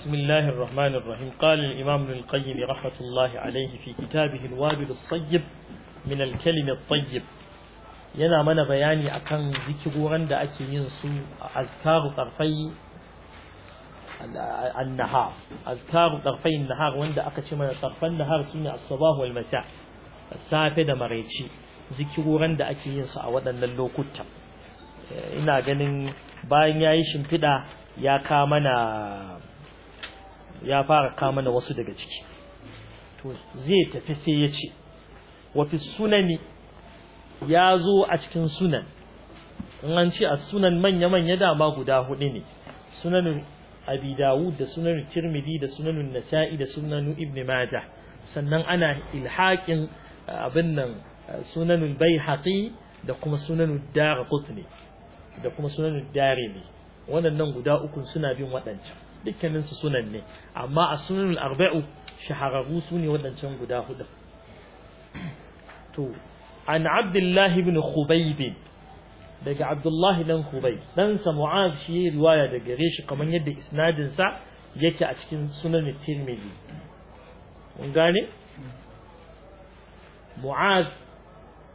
بسم الله الرحمن الرحيم قال الإمام ابن القيم رحمة الله عليه في كتابه الوابل الصيب من yana mana bayani akan zikiroran da ake yin su azkaru tarfai an-nahar azkaru tarfai an-nahar wanda aka ce mana tarfan nahar sune as-sabah safe da maraice zikiroran da ake yin su a waɗannan lokuta eh, ina ganin bayan yayi shimfiɗa ya ka mana ya fara kama na wasu daga ciki to zai tafi sai ya ce wa fi sunani ya zo a cikin sunan in an ce a sunan manya-manya dama guda hudu ne sunanin abi dawud da sunanin tirmidhi da sunanin nasa'i da sunanin ibn majah sannan ana ilhaƙin eh, abin nan sunanin bai eh, da kuma sunanin darqutni da kuma sunan darimi wannan guda uku suna bin waɗancan dukkanin su sunan ne amma a sunan arba'u shahararru sune wadancan guda hudu to an Abdullahi ibn Khubayb daga Abdullahi dan Khubayb dan sa Mu'az shi riwaya da gare shi kamar yadda isnadin sa yake a cikin sunan Tirmidhi mun gane Mu'az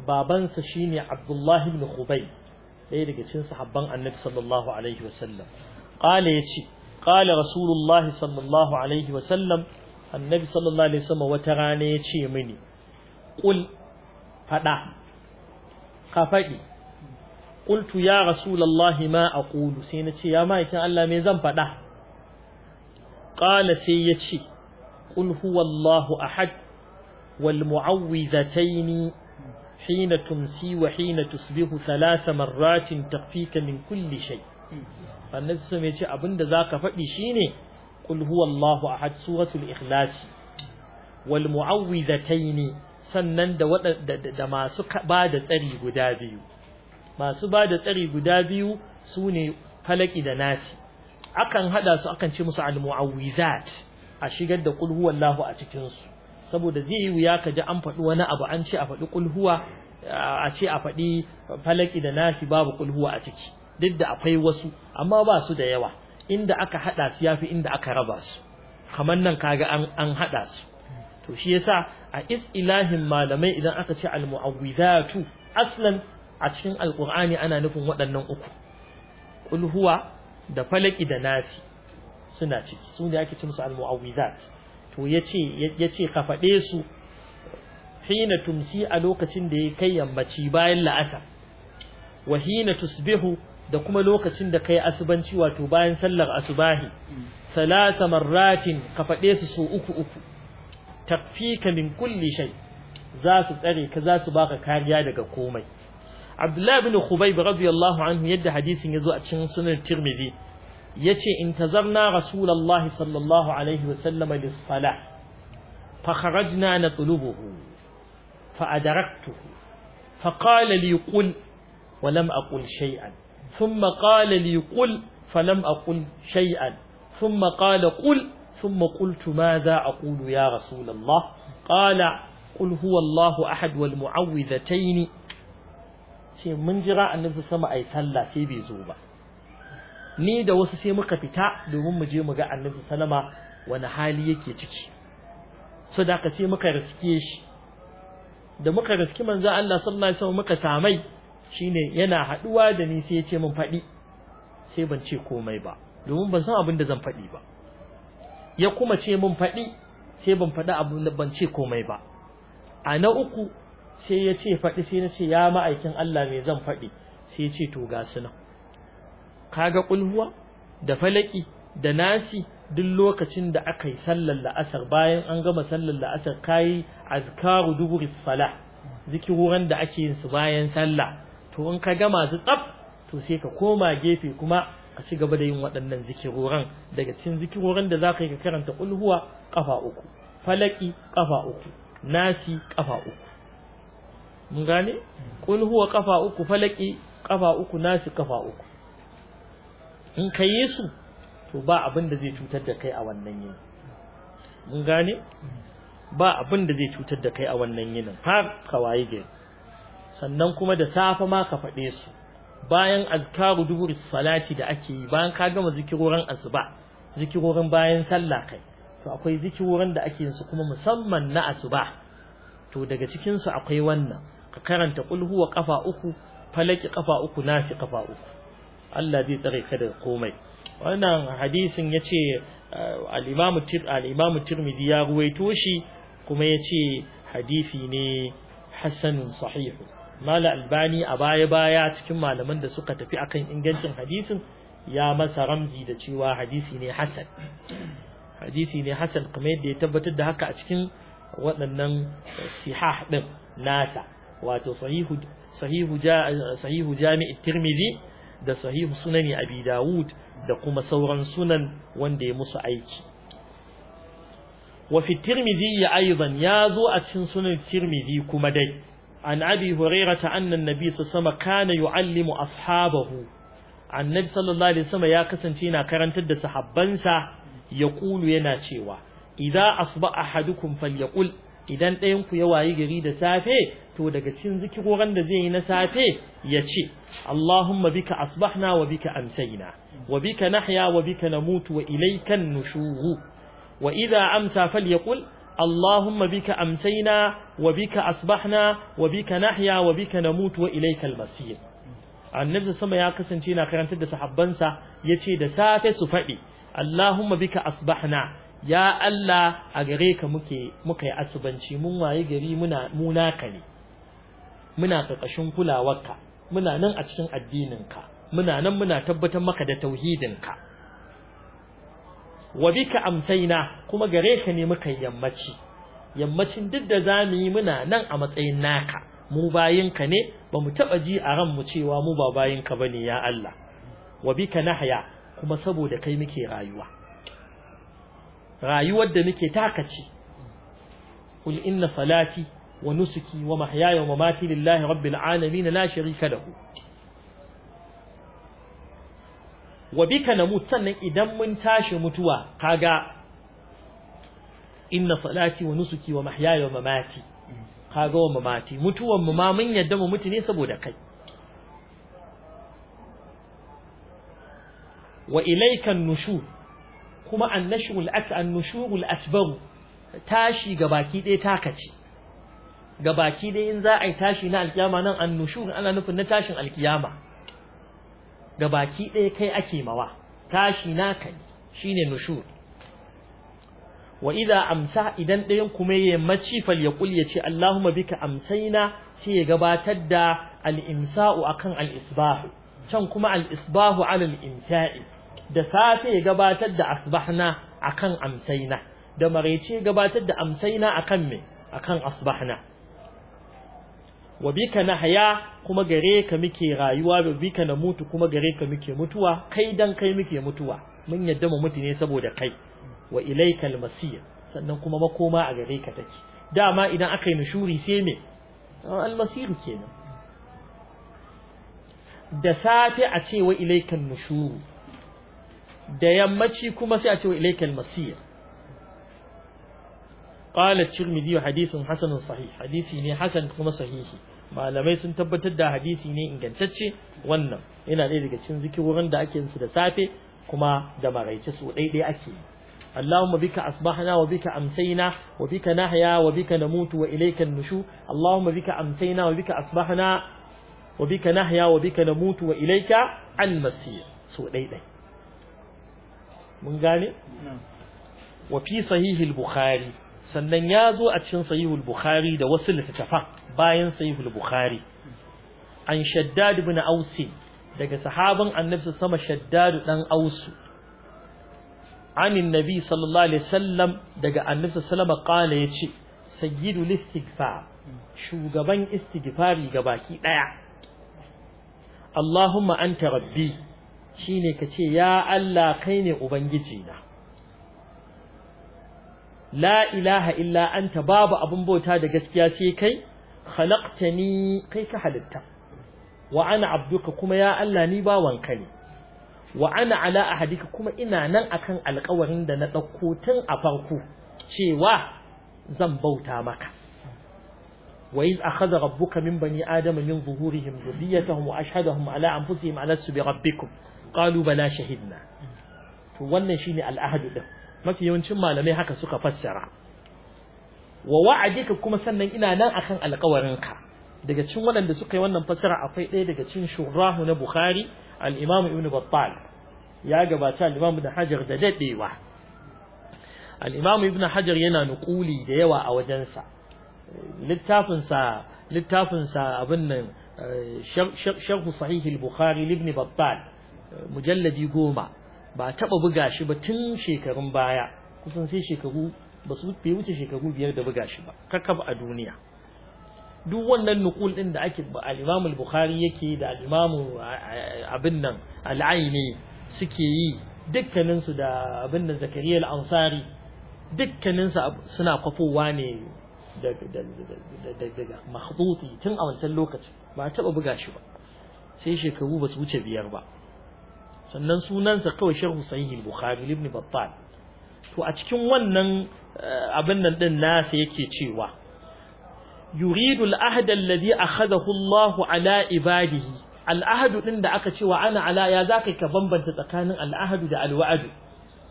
babansa shine Abdullahi ibn Khubayb ɗaya daga cikin sahabban Annabi sallallahu alaihi wasallam qala yace قال رسول الله صلى الله عليه وسلم النبي صلى الله عليه وسلم وتراني يشي مني قل فدا كفدي قلت يا رسول الله ما أقول سينتي يا ما يكن الله ميزان فدا قال سيتي قل هو الله أحد والمعوذتين حين تمسي وحين تصبح ثلاث مرات تخفيك من كل شيء annabi sun ce abinda zaka faɗi shine kul huwallahu ahad suratul ikhlas wal ne sannan da da masu ba da tsari guda biyu masu ba da tsari guda biyu sune falaki da nasi akan hada su akan ce musu al mu'awwidat a shigar da kul huwallahu a cikin su saboda zai yi wuya ka ji an faɗi wani abu an ce a faɗi kul huwa a ce a faɗi falaki da nasi babu kul huwa a ciki duk da akwai wasu amma ba su da yawa inda aka hada su yafi inda aka raba su kamar nan kaga an an hada su to shi yasa a is'ilahin malamai idan aka ce al aslan a cikin alqur'ani ana nufin waɗannan uku kul huwa da falaki da nafi suna ciki su ne ake ce musu al to yace yace ka fade su hina tumsi a lokacin da ya kai yammaci bayan la'asa, wa hina tusbihu da kuma lokacin da kai asubanci wato bayan sallar asubahi salasa marratin ka faɗe su so uku uku takfika min kulli shay za su tsare ka za su baka kariya daga komai Abdullahi bin Khubayb radiyallahu anhu yadda hadisin yazo a cikin sunan Tirmidhi yace intazarna rasulullahi sallallahu alaihi sallam lis-salah fa kharajna natlubuhu fa adaraktuhu fa qala li qul wa lam ثم قال لي قل فلم أقل شيئا ثم قال قل ثم قلت ماذا أقول يا رسول الله قال قل هو الله أحد والمعوذتين sai mun jira annabi sama ai sallah sai bai zo ba ni da wasu sai muka fita domin mu je mu ga annabi wani hali yake ciki so da ka sai muka riske shi da muka riski manzo Allah sallallahu alaihi wasallam muka samai shine yana haduwa da ni sai ya ce min faɗi sai ban ce komai ba domin ban san abin da zan faɗi ba ya kuma ce min faɗi sai ban fada abin da ban ce komai ba a na uku sai ya ce faɗi sai na ce ya ma'aikin Allah me zan faɗi sai ya ce to ga su nan kaga kulhuwa da falaki da nasi duk lokacin da aka yi sallar la'asar bayan an gama sallar la'asar kayi azkaru duburis salah zikiroran da ake yin su bayan sallah to in ka gama su tsaf to sai ka koma gefe kuma ka ci gaba da yin waɗannan zikiroran daga cikin zikiroran da za ka yi ka karanta ulhuwa kafa uku falaki kafa uku nasi kafa uku mun gane ulhuwa kafa uku falaki kafa uku nasi kafa uku in ka yi su to ba abin da zai cutar da kai a wannan yini mun gane ba abin da zai cutar da kai a wannan yinin har ka waye gari sannan kuma da safe ma ka faɗe su bayan azkaru duhur salati da ake yi bayan ka gama zikirorin asuba zikirorin bayan sallah kai to akwai zikirorin da ake yin su kuma musamman na asuba to daga cikin su akwai wannan ka karanta qul huwa kafa uku falaki kafa uku nasi kafa uku Allah zai tsare ka daga komai wannan hadisin yace eh, al-Imam al-Imam Tirmidhi ya ruwaito shi kuma yace hadisi ne hasanun sahihu mala albani a baya-baya cikin malaman da suka tafi akan ingancin hadisin ya masa ramzi da cewa hadisi ne Hassan. hadisi ne Hassan kuma yadda ya tabbatar da haka a cikin waɗannan sihah ɗin nasa wato sahihu Jami'in, jami'i tirmidhi da sahihu sunani abi dawud da kuma sauran sunan wanda ya musu aiki wa fi tirmidhi ya aidan ya zo a cikin sunan tirmidhi kuma dai an abi annan anna annabi sama kana yu'allimu ashabahu annabi sallallahu alaihi wasallam ya kasance yana karantar da sahabbansa yaqulu yana cewa idza asba ahadukum falyaqul idan ɗayan ku ya wayi gari da safe to daga cikin zikiroran da zai yi na safe ya ce Allahumma bika asbahna wa bika amsayna wa bika nahya wa bika namutu wa ilaykan nushuru wa idza amsa falyaqul Allahuma bika بك أمسينا وبك أصبحنا وبك نحيا وبك نموت وإليك المصير annabi sama ya kasance yana karantar da sahabbansa Ya ce da safe su faɗi Allahumma bika asbahna ya Allah a gare ka muke muka yi asubanci mun waye gari muna munaka ne muna karkashin kulawarka muna nan a cikin addininka muna nan muna tabbatar maka da tauhidinka wa bika amsaina kuma gare ka ne muka yammaci yammacin duk da zamu yi muna nan a matsayin naka mu bayinka ne ba mu taba ji a ran mu cewa mu ba bayinka bane ya Allah wa bika nahya kuma saboda kai muke rayuwa rayuwar da muke taka ce inna salati wa nusuki wa mahyaya wa mamati lillahi rabbil alamin la sharika lahu wa bika namut sannan idan mun tashi mutuwa kaga inna salati wa nusuki wa mahyaya wa mamati kaga wa mamati mutuwan mu ma mun yadda mu mutu ne saboda kai wa ilayka nushu kuma annashul at annushurul asbaru tashi gabaki ɗaya takaci gabaki ɗaya in za a yi tashi na alkiyama nan annushur ana nufin na tashin alkiyama ga baki ɗaya kai ake mawa tashi naka ne shine nushur wa idza amsa idan ɗayan kuma ya maci fal ya kul ce Allahumma bika amsaina sai ya gabatar da al-imsa'u akan al-isbah can kuma al-isbahu ala al-imsa'i da safe ya gabatar da asbahna akan amsaina da maraice gabatar da amsaina akan me akan asbahna wa bika haya kuma gare ka muke rayuwa wa bika mutu kuma gare ka muke mutuwa kai dan kai muke mutuwa mun yadda mu mutu ne saboda kai wa ilaikal masiyya, sannan kuma makoma a gare ka take dama idan aka yi nushuri sai me ah, almasir kenan da safe a ce wa ilaikan nushuru da yammaci kuma sai a ce wa ilaikal masiyya. qala tirmidhi hadithun hasanun ne hasan kuma sahihi malamai sun tabbatar da hadisi ne ingantacce wannan yana ɗaya daga cikin zikirorin da ake su da safe kuma da maraice su ɗaiɗai ake yi اللهم بك أصبحنا وبك أمسينا وبك نحيا وبك نموت وإليك النشور اللهم بك أمسينا وبك أصبحنا وبك نحيا وبك نموت وإليك المسير سوء ليلة من قال وفي صحيح Bukhari. sannan ya zo a cikin sahihul bukhari da wasu littattafan bayan sahihul bukhari an shaddad ibn ausi daga sahaban annabi sama shaddad dan ausu anin nabi sallallahu alaihi wasallam daga annabi sallama ya yace sayyidul istighfar shugaban istighfari baki daya Allahumma anta rabbi shine kace ya Allah kai ne ubangiji na la ilaha illa anta babu abun bauta da gaskiya sai kai khalaqtani kai ka halitta wa ana abduka kuma ya Allah ni bawanka ne wa ana ala ahadika kuma ina nan akan alƙawarin da na ɗauko tun a farko cewa zan bauta maka wa iz akhadha rabbuka min bani adama min zuhurihim dhurriyyatahum wa ashhadahum ala anfusihim alastu bi rabbikum qalu bala shahidna to wannan shine al'ahadu din mafi yawancin malamai haka suka fassara wa wa'adika kuma sannan ina nan akan alƙawarinka daga cikin waɗanda suka yi wannan fassara akwai ɗaya daga cikin shurahu na Bukhari al-Imam Ibn Battal ya gabata al-Imam Hajar da dadewa al-Imam Ibn Hajar yana nukuli da yawa a wajensa littafinsa littafinsa abin nan eh, sharh sahih al-Bukhari ibn Battal eh, mujalladi goma ba taɓa buga shi ba tun shekarun baya kusan sai shekaru ba su bai wuce shekaru biyar da buga shi ba kakab a duniya duk wannan nukul ɗin da ake al-Imam al-Bukhari yake da al-Imam abin nan al-Aini suke yi dukkanin su da abin nan Zakariya al-Ansari dukkanin suna kwafowa ne daga makhduti tun a wancan lokacin ba taɓa buga shi ba sai shekaru ba su wuce biyar ba sannan sunansa kawai sharhu sahih bukhari ibn battal to a cikin wannan eh, abin nan din nasa yake cewa yuridul ahda alladhi akhadahu Allahu ala ibadihi al'ahadu din da aka cewa ana ala ya zaka ka bambanta tsakanin al'ahdu da alwa'adu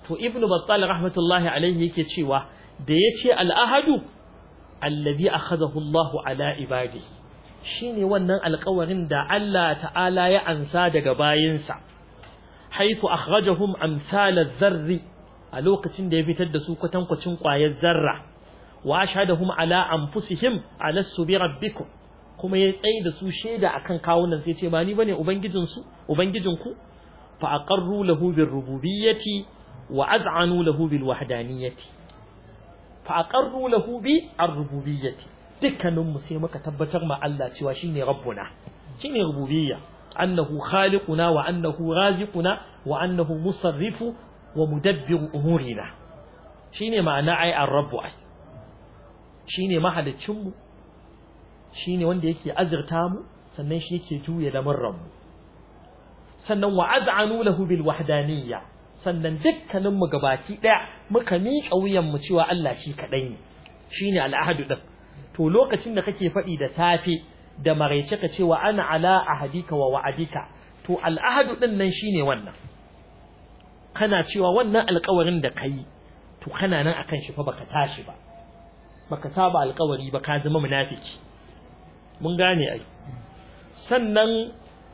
to ibnu battal rahmatullahi alaihi yake cewa da yace al'ahadu alladhi akhadahu Allahu ala ibadihi shine wannan alƙawarin da Allah ta'ala ya ansa daga bayinsa haifu akhrajahum amsal zarri a lokacin da ya fitar da su kwatankwacin kwayar zarra wa hum ala anfusihim ala subi rabbikum kuma ya tsaye da su shaida kan kawunan sai ce ba ni bane ubangijin su Fa ku fa aqarru lahu bir rububiyyati wa az'anu lahu bil wahdaniyyati fa aqarru lahu bi ar rububiyyati dukkanin mu sai muka tabbatar ma Allah cewa shine rabbuna shine rububiyya annahu khaliquna wa annahu raziquna wa annahu musarrifu wa mudabbiru umurina shine ma'ana ai ar-rabbu ai shine mahalicin mu shine wanda yake azurta mu sannan shi yake juya lamarran mu sannan wa az'anu lahu bil wahdaniyya sannan dukkanin mu gabaki ɗaya muka miƙa wuyan mu cewa Allah shi kadai ne shine al-ahadu to lokacin da kake faɗi da safe da maraice ka ce wa ana ala ahadika wa wa'adika to al'ahadu din nan shine wannan kana cewa wannan alƙawarin da kai to kana nan akan shi fa baka tashi ba baka saba alƙawari ba ka zama munafiki mun gane ai sannan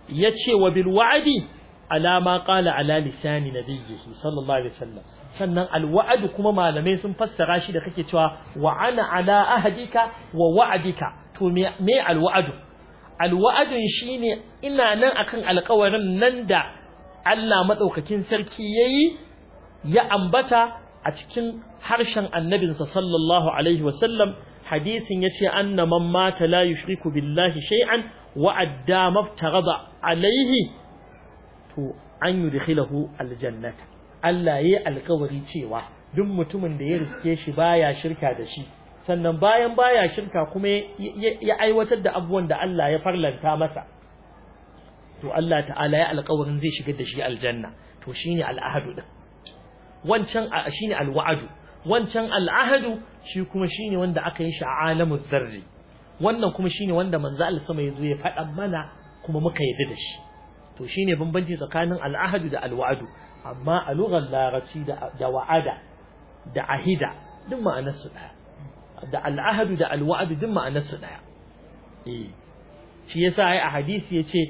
ya ce wa bil wa'adi ala ma qala ala lisani nabiyhi sallallahu alaihi wasallam sannan al kuma malamai sun fassara shi da kake cewa wa ana ala ahadika wa wa'adika to me alwa'adu alwa'adun shine ina nan akan alƙawarin nan da Allah madaukakin sarki yayi ya ambata a cikin harshen annabinsa sallallahu alaihi wasallam hadisin yace anna man mata la yushriku billahi shay'an wa adda maftarada alaihi to an yudkhilahu aljannata Allah yayi alƙawari cewa duk mutumin da ya riske shi baya shirka da shi sannan bayan baya shirka kuma ya aiwatar da abubuwan da Allah ya farlanta masa to Allah ta'ala ya alƙawarin zai shigar da shi aljanna to shine al'ahadu din wancan shine alwa'adu wancan al'ahadu shi kuma shine wanda aka yi shi a alamul zarri wannan kuma shine wanda manzo Allah sama yazo ya faɗa mana kuma muka yarda da shi to shine bambanci tsakanin al'ahadu da alwa'adu amma a lugar larabci da wa'ada da ahida duk ma'anar su ɗaya da al'ahadu da alwa'adu duk ma'anar su daya eh shi yasa ai a hadisi yace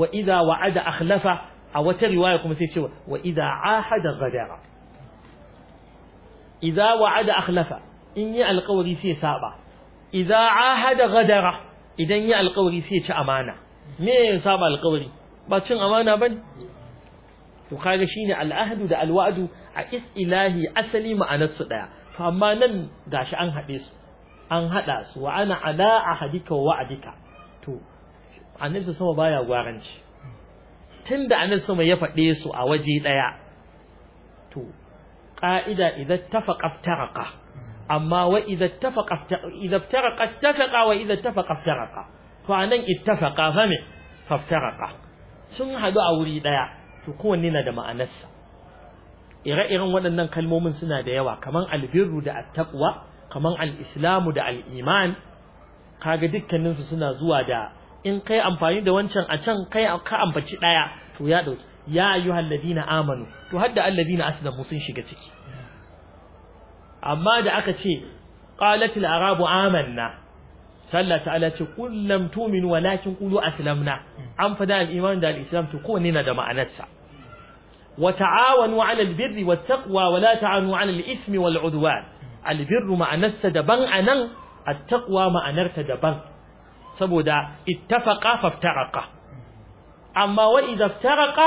wa idza wa'ada akhlafa a wata riwaya kuma sai ce wa idza ahada gadara, iza wa'ada akhlafa in yi alƙawari sai saba idza ahada gadara idan yi alƙawari sai ci amana me ya saba alƙawari ba cin amana bane to kaga shine al'ahadu da alwa'adu a istilahi asali ma'anar su daya amma nan gashi an haɗe su an haɗa su wa ana ala ahadika wa wa'adika to annabi sama baya gwaranci Tun tunda annabi sama ya faɗe su a waje ɗaya to ƙa'ida idan tafaqa iftaraqa amma wa idan tafaqa idan iftaraqa ittafaqa wa idan tafaqa iftaraqa to a nan ittafaqa fa me faftaraqa sun haɗu a wuri ɗaya to kowanne na da ma'anarsa ire-iren waɗannan kalmomin suna da yawa kaman albirru da attaqwa kaman al-islamu da al-iman kaga dukkanin su suna zuwa da in kai amfani da wancan a can kai ka ambaci daya to ya dauki ya ayyuhal ladina amanu to hadda alladina aslamu sun shiga ciki amma da aka ce qalat al-arabu amanna sallah ta'ala ce qul tu'minu walakin qulu aslamna an fada al-iman da al-islam to ne na da ma'anarsa wa ta'awanu 'ala al-birri wat-taqwa wa la ta'anu 'ala al-ithmi wal-'udwan al-birru daban anan at-taqwa ma'anarta daban saboda ittafaqa faftaraqa amma wa idza iftaraqa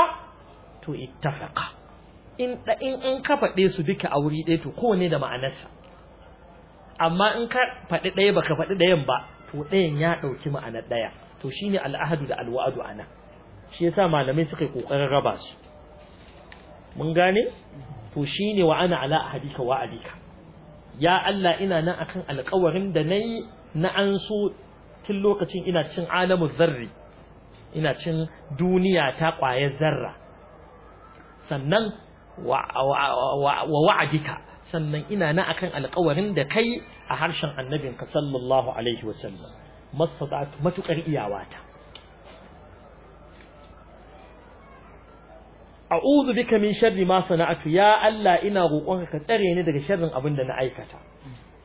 to ittafaqa in in ka fade su duka a wuri ɗaya ko kowane da ma'anarsa amma in ka fade ɗaya baka faɗi ɗayan ba to ɗayan ya ɗauki ma'anar ɗaya to shine al'adu da al-wa'du ana shi yasa malamai suka yi ƙoƙarin raba su mun gane to shine wa ana ala ahadika wa alika ya Allah ina nan akan alƙawarin da nayi na an so tun lokacin ina cin alamu zarri ina cin duniya ta ƙwayar zarra sannan wa wa'adika sannan ina nan akan alƙawarin da kai a harshen annabinka sallallahu alaihi wasallam mastata'tu matukar iyawata a'udhu bika min sharri ma sana'atu ya Allah ina roƙonka ka tsare ni daga sharrin abin da na aikata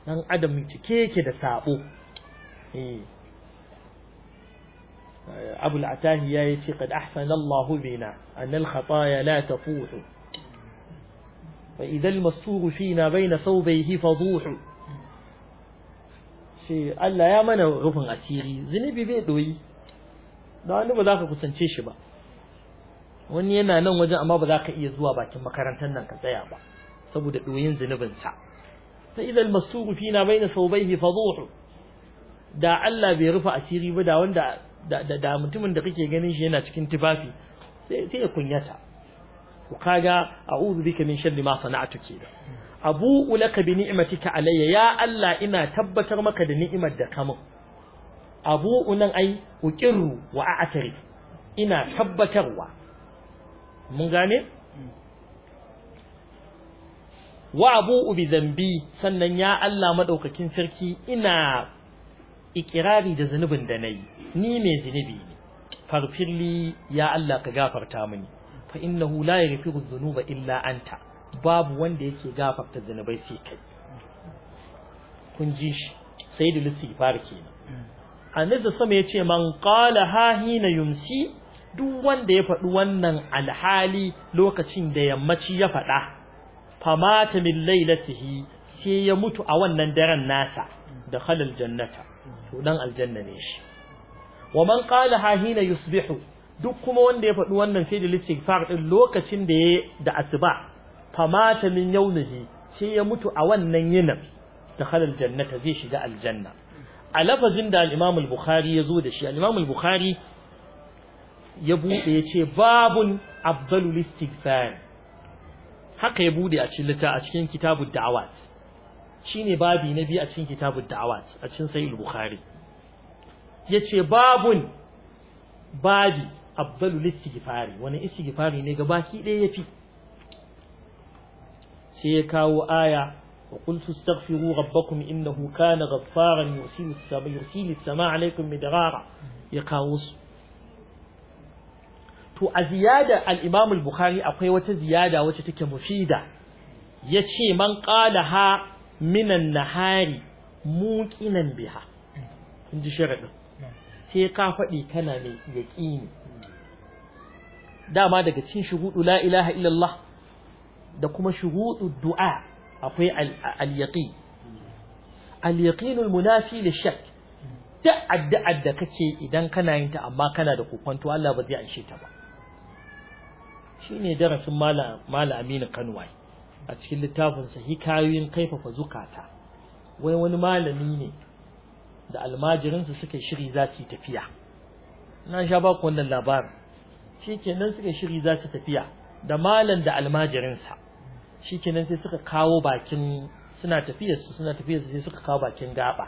dan adam cike yake da sabo eh atahi ya yace qad ahsana Allah bina an al-khataya la tafuhu fa idha al-masur fina bayna thawbayhi faduhu Allah ya mana rufin asiri zunubi bai ɗoyi. dan wani ba za ka kusance shi ba wani yana nan wajen amma ba za ka iya zuwa bakin makarantar nan ka tsaya ba saboda doyin zunubinsa fa idal masuru na baina sawbayhi fadhuhu da Allah bai rufa asiri ba da wanda da mutumin da kake ganin shi yana cikin tufafi sai sai ya kunyata ku kaga a'udhu bika min sharri ma sana'tu kida abu ulaka bi ni'matika alayya ya Allah ina tabbatar maka da ni'imar da kamun abu unan ai uqirru wa a'tari ina tabbatarwa mun gane wa abu bi zambi sannan ya Allah madaukakin sarki ina ikirari da zunubin da nayi ni mai zunubi farfirli ya Allah ka gafarta mini fa innahu la yaghfiru dhunuba illa anta babu wanda yake gafarta zunubai sai kai kun ji shi sayyidul istighfar kenan hmm. annabi sama yace man qala ha hina yumsi duk wanda ya faɗi wannan alhali lokacin da yammaci ya faɗa famata min lailatihi sai ya mutu a wannan daren nasa da halal jannata to dan aljanna ne shi wa man qala ha hina yusbihu duk kuma wanda ya faɗi wannan sai da istighfar din lokacin da ya da asuba famata min yawmihi sai ya mutu a wannan yinin da halal jannata zai shiga aljanna a lafazin da al-Imam al-Bukhari yazo da shi al-Imam al-Bukhari ya buɗe ya ce babun abdalul istighfar haka ya buɗe a cikin litta a cikin kitabud da'awat ne babi na biyu a cikin kitabud da'awat a cikin sahih Ya yace babun babi abdalul Fari wani istighfari ne baki ɗaya yafi sai ya kawo aya وقلت استغفروا ربكم إنه كان غفارا يرسل السماء, يرسل السماء ya kawo su. to a ziyada Al'imamul al-Bukhari akwai wata ziyada wacce take mufida yace man ha minan nahari muqinan biha inji sharadin sai ka faɗi kana mai yaqini dama daga cikin shuhudu la ilaha illallah da kuma shuhudu du'a akwai al-yaqin al-yaqin munafi lish shak duk addu'ar da kake idan kana yin ta amma kana da kokonto Allah ba zai anshe ta ba Shi ne darasin mala aminu kanwai a cikin littafinsa hikayoyin kaifafa zukata wai wani malami ne da almajirinsa suka shiri za su yi tafiya na sha ba ku wannan labarin shi kenan suka shiri za su tafiya da malam da almajirinsa shi kenan sai suka kawo bakin suna su suna su sai suka kawo bakin gaba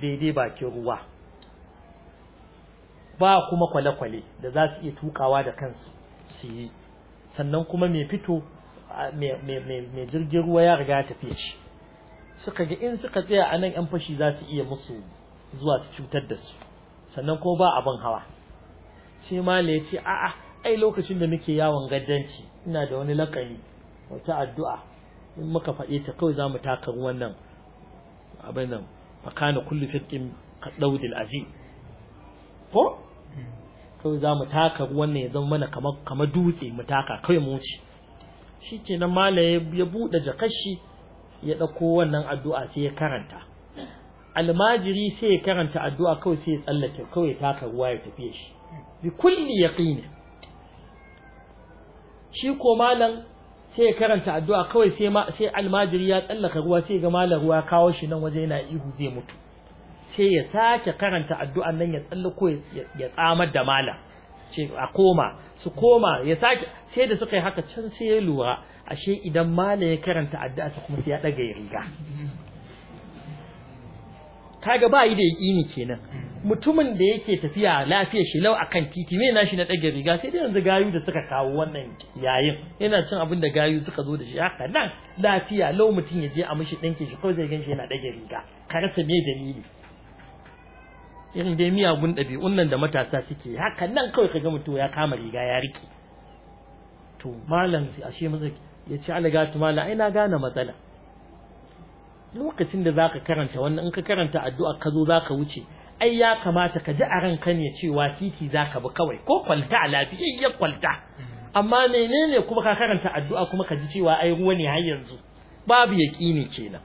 daidai bakin ruwa ba kuma kwale-kwale da za su iya tukawa da kansu su yi sannan kuma mai fito mai jirgin ruwa ya riga tafiye shi suka ga in suka tsaya a nan yan fashi za su iya musu zuwa su cutar da su sannan ko ba abin hawa sai mala ya ce a'a ai lokacin da muke yawon gaddanci ina da wani lakani wata addu'a in muka faɗe ta kawai za mu taka ruwan nan abin nan fakana kullu fiqin qadaudil azim ko kawai za mu taka ruwan ne ya zama mana kamar dutse mu taka kawai mu wuce shi ke nan mala ya buɗe jakashi ya ɗauko wannan addu'a sai ya karanta almajiri sai ya karanta addu'a kawai sai ya tsallake kawai ya taka ruwa ya tafiye shi bi kulli yaqini shi ko malam sai ya karanta addu'a kawai sai sai almajiri ya tsallaka ruwa sai ga malam ruwa kawo shi nan waje yana ihu zai mutu sai ya sake karanta addu'a nan ya tsallako ya tsamar da malam ce a koma su koma ya sake sai da suka yi haka can sai ya lura ashe idan malam ya karanta addu'a ta kuma sai ya daga riga kaga ba yi da yakini kenan mutumin da yake tafiya lafiyar shi lau akan titi me nashi na dage riga sai dai yanzu gayu da suka kawo wannan yayin yana cin abin da gayu suka zo da shi haka nan lafiya lau mutum ya je a mishi ɗanke shi kawai zai ganshi yana dage riga ka rasa me dalili irin dai miyagun ɗabi'un nan da matasa suke haka nan kawai kaga mutum ya kama riga ya rike to malam ashe maza ya ce alaga tu malam ai na gane matsala lokacin da zaka karanta wannan in ka karanta addu'a ka zo zaka wuce ai ya kamata ka ji a ranka ne cewa titi zaka bi kawai ko kwalta a lafiyayyar kwalta amma menene kuma ka karanta addu'a kuma ka ji cewa ai ruwa ne har yanzu babu yaqini kenan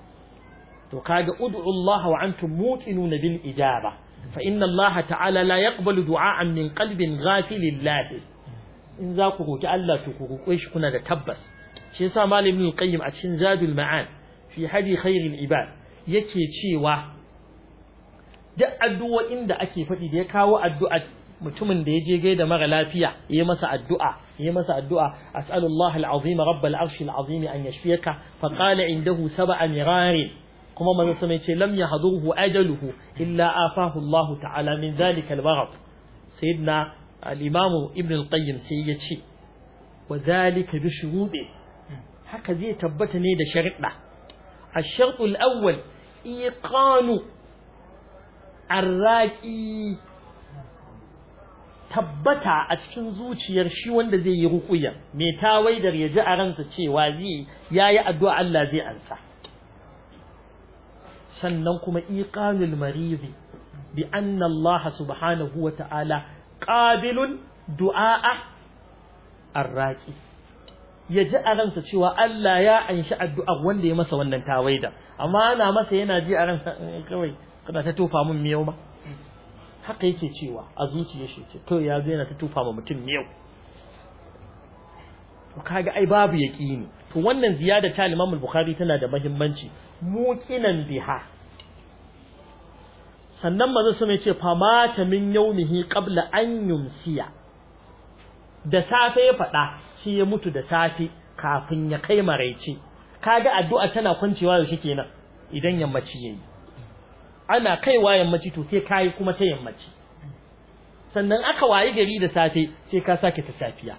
to kaga ud'u Allah wa antum muqinuna bil ijaba fa inna Allah ta'ala la yaqbalu du'a'an min qalbin ghafilin lahi in za ku roki Allah to ku roƙe shi kuna da tabbas shi yasa malamin al-qayyim a cikin zadul ma'an fi hadi khairil ibad yake cewa duk addu'o'in da ake faɗi da ya kawo addu'a mutumin da ya je gaida mara lafiya yi masa addu'a yi masa addu'a as'alullah al-azim rabb al-arsh al-azim an yashfiyaka fa qala indahu sab'a mirarin kuma manzo sama ce lam yahduhu ajaluhu illa afahu Allah ta'ala min zalika al-baghdh sayyidina al-imam ibn al-qayyim sai yace wa zalika bi shurubi haka zai tabbata ne da sharuɗa ash-shartu al-awwal iqanu arraqi tabbata a cikin zuciyar shi wanda zai yi ruƙuya mai tawaidar ya ji a ransa cewa zai yayi addu'a Allah zai ansa sannan kuma iqanul maridi bi anna Allah subhanahu wa ta'ala qabilun du'a'a arraqi ya ji a ransa cewa Allah ya anshi addu'a wanda ya masa wannan tawaida amma ana masa yana ji a ransa eh, kawai kana ta tofa mun miyau ma haka yake cewa a zuciyar shi ce to ya zo yana ta tofa ma mutum miyau to kaga ai babu yaqini to wannan ziyada ta Imam al-Bukhari tana da muhimmanci muqinan biha sannan manzo ya ce fa mata min yawmihi qabla an yumsiya da safe ya fada shi ya mutu da safe kafin ya kai maraice kaga addu'a tana kwancewa yaushe shikenan idan yammaci yayi ana kaiwa yammaci to sai kai kuma ta yammaci sannan aka wayi gari da safe sai ka sake ta safiya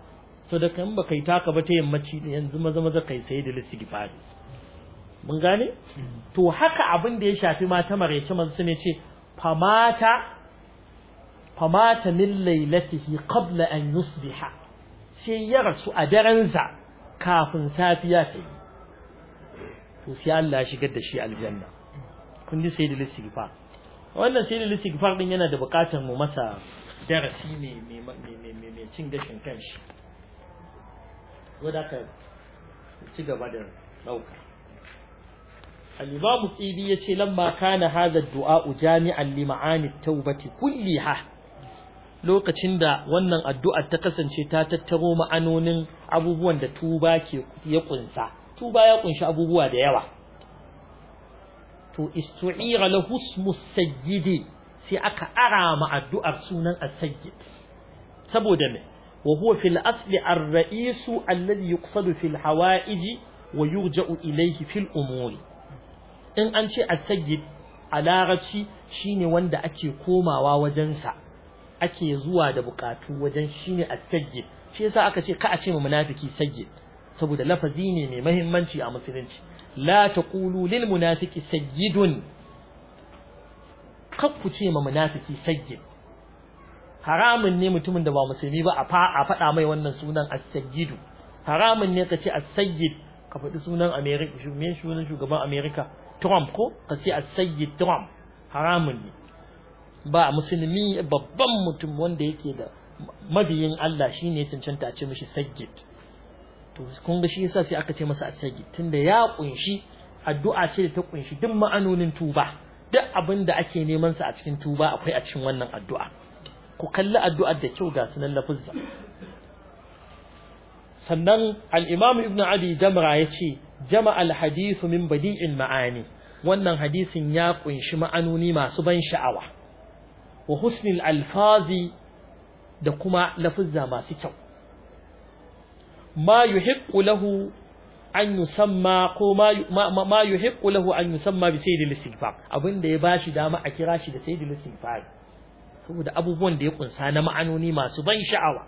so da kan ba kai taka ba ta yammaci ne yanzu maza maza kai sai da lissi gifari mun gane to haka abin da ya shafi mata maraice man su ne ce famata famata min lailatihi qabla an yusbiha sai ya rasu a daren sa kafin safiya ta yi to sai Allah ya shigar da shi aljanna kun ji sai da lissi wannan sai da lissi din yana da bukatar mu masa darasi mai cin gashin kanshi wadda ka ci gaba da ɗauka al tsibi ya ce lamma kana hadha du'a jami'an li Ta'ubati taubati ha? lokacin da wannan addu'ar ta kasance ta tattaro ma'anonin abubuwan da tuba ke ya kunsa tuba ya ƙunshi abubuwa da yawa to istu'ira lahu ismu sayyidi sai aka ara ma addu'ar sunan as-sayyid saboda mai. وهو في الأصل الرئيس الذي يقصد في الحوائج ويرجع إليه في الأمور إن أنشي السيد على غشي شيني واند أكي كوما ووجنسا أكي زوا دبقاتو وجن شيني السيد shi yasa aka ce ka a ce mu munafiki sayyid saboda lafazi ne mai muhimmanci a musulunci la taqulu lil munafiki sayyidun ku ce ma munafiki sayyid haramun ne mutumin da ba musulmi ba a faɗa mai wannan sunan as-sayyidu haramun ne ce as-sayyid ka faɗi sunan America shugaban sunan shugaban America Trump ko ce as-sayyid Trump haramun ne ba musulmi babban mutum wanda yake da mabiyin Allah shine cancanta a ce mishi sayyid to kun ga shi yasa sai aka ce masa as-sayyid tunda ya kunshi addu'a ce da ta kunshi duk ma'anonin tuba duk abin da ake neman sa a cikin tuba akwai a cikin wannan addu'a ku kalli addu'ar da kyau ga sunan lafuzza sannan al-imam ibn abi damra ya jama jama'al hadith min badi'in ma'ani wannan hadisin ya ƙunshi ma'anoni masu ban sha'awa wa husnil alfazi da kuma lafuzza masu kyau ma yuhiqqu lahu an samma ko ma yuhiqqu lahu an yusamma bi sayyidil istighfar abinda ya bashi dama a kira shi da sayyidil istighfar saboda abubuwan da ya kunsa na ma'anoni masu ban sha'awa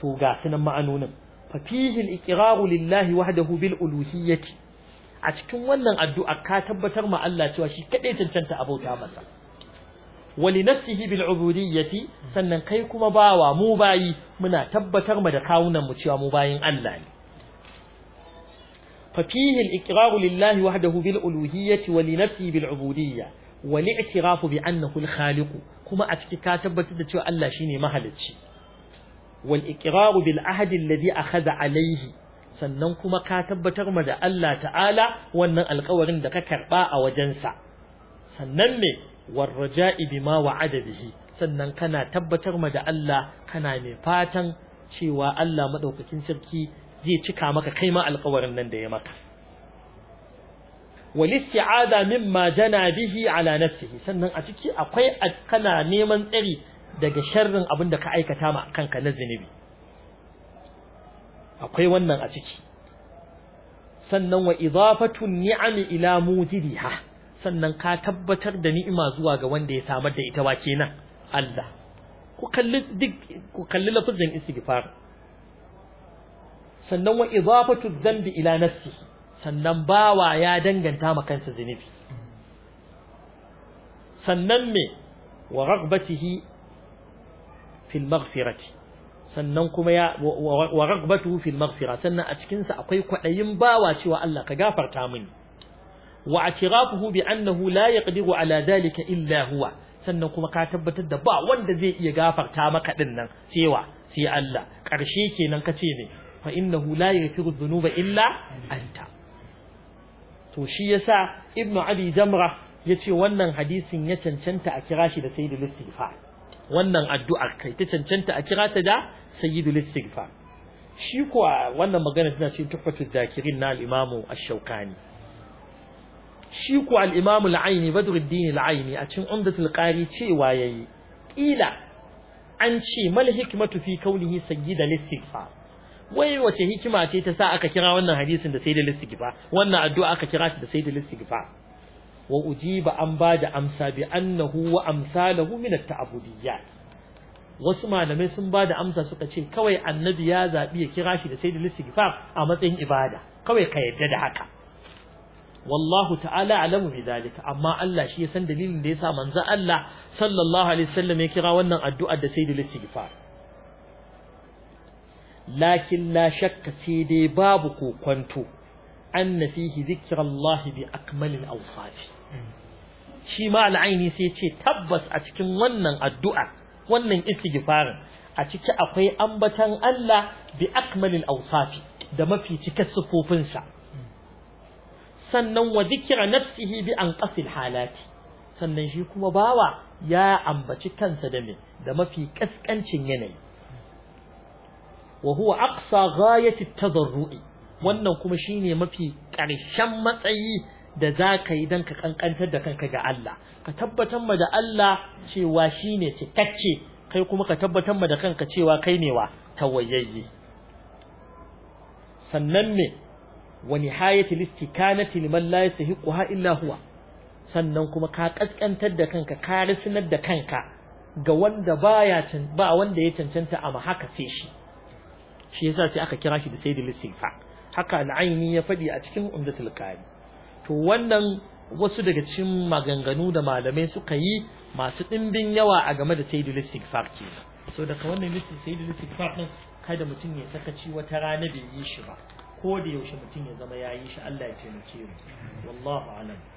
to ga su nan ma'anonin fafihin iqraru lillahi wahdahu bil uluhiyyati a cikin wannan addu'a ka tabbatar ma Allah cewa shi kadai cancanta abota masa wali nafsihi bil ubudiyyati sannan kai kuma bawa mu bayi muna tabbatar ma da kawunan mu cewa mu bayin Allah ne ففيه الإقرار لله وحده بالألوهية bil بالعبودية Wani i'tirafu bi annahul al kuma a ciki ka tabbatar da cewa Allah shine mahalicci wal iqraru bil ahdi alladhi akhadha alayhi sannan kuma ka tabbatar ma da Allah ta'ala wannan alƙawarin da ka karba a wajensa sannan ne war raja'i bima wa'ada bihi sannan kana tabbatar ma da Allah kana mai fatan cewa Allah madaukakin sarki zai cika maka kai ma alƙawarin nan da ya maka walisti'ada mimma jana bihi ala nafsihi sannan a ciki akwai kana neman tsari daga sharrin abin da ka aikata ma kanka na zinubi akwai wannan a ciki sannan wa idafatu ni'ami ila mujidiha sannan ka tabbatar da ni'ima zuwa ga wanda ya samar da ita wa kenan Allah ku kalli duk ku kalli lafazin istighfar sannan wa idafatu dhanbi ila nafsihi sannan bawa ya danganta ma kansa zunubi sannan me wa ragbatihi fil maghfirati sannan kuma ya wa ragbatuhu fil maghfira sannan a cikin sa akwai kwadayin bawa cewa Allah ka gafarta mini wa atirafuhu bi annahu la yaqdiru ala dhalika illa huwa sannan kuma ka tabbatar da ba wanda zai iya gafarta maka din nan cewa sai Allah karshe kenan kace ne fa innahu la yaghfiru dhunuba illa anta to shi sa ibn abi jamra ce wannan hadisin ya cancanta a kira shi da sayyidul istighfar wannan addu'ar kai ta cancanta a kira ta da sayyidul istighfar shi kuwa wannan magana tana cikin tuhfatul zakirin na al-imamu ash-shawkani shi kuwa al-imamu al-aini badruddin al-aini a cikin umdatul qari cewa yayi kila an ce mal hikmatu fi kaunihi sayyidul istighfar wai wace hikima ce ta sa aka kira wannan hadisin da sai da wannan addu'a aka kira ta da sai da wa ujiba an ba da amsa bi annahu wa amsalahu min at-ta'budiyyat wasu malamai sun bada amsa suka ce kawai annabi ya zabi ya kira shi da sai da a matsayin ibada kawai ka yadda da haka wallahu ta'ala alamu bi dalika amma Allah shi ya san dalilin da yasa manzo Allah sallallahu alaihi wasallam ya kira wannan addu'a da sai da lakin na shakka sai dai babu kokwanto anna fihi zikrallahi bi akmalil awsafi shi ma al'aini sai ce tabbas a cikin wannan addu'a wannan istighfarin a ciki akwai ambatan Allah bi akmalin ausafi da mafi cike sifofinsa sannan wa zikira nafsihi bi anqasil halati sannan shi kuma bawa ya ambaci kansa da me da mafi kaskancin yanayi wa huwa aqsa ghayati wannan kuma shine mafi ƙarshen matsayi da zaka yi dan ka kankantar da kanka ga Allah ka tabbatar ma da Allah cewa shine cikakke kai kuma ka tabbatar ma da kanka cewa kai ne wa tawayayye sannan me wa nihayati listikanati liman la yastahiquha illa huwa sannan kuma ka kaskantar da kanka ka risinar da kanka ga wanda baya ba wanda ya cancanta a mahaka sai shi shi yasa sai aka kira shi da sayyidul istighfar haka al'aini ya faɗi a cikin umdatul qari to wannan wasu daga cikin maganganu da malamai suka yi masu ɗimbin yawa a game da sayyidul istighfar ke. so daga wannan listin sayyidul istighfar din kada mutum ya saka ci wata rana bai yi shi ba ko da yaushe mutum ya zama ya yi shi Allah ya taimake mu wallahu alam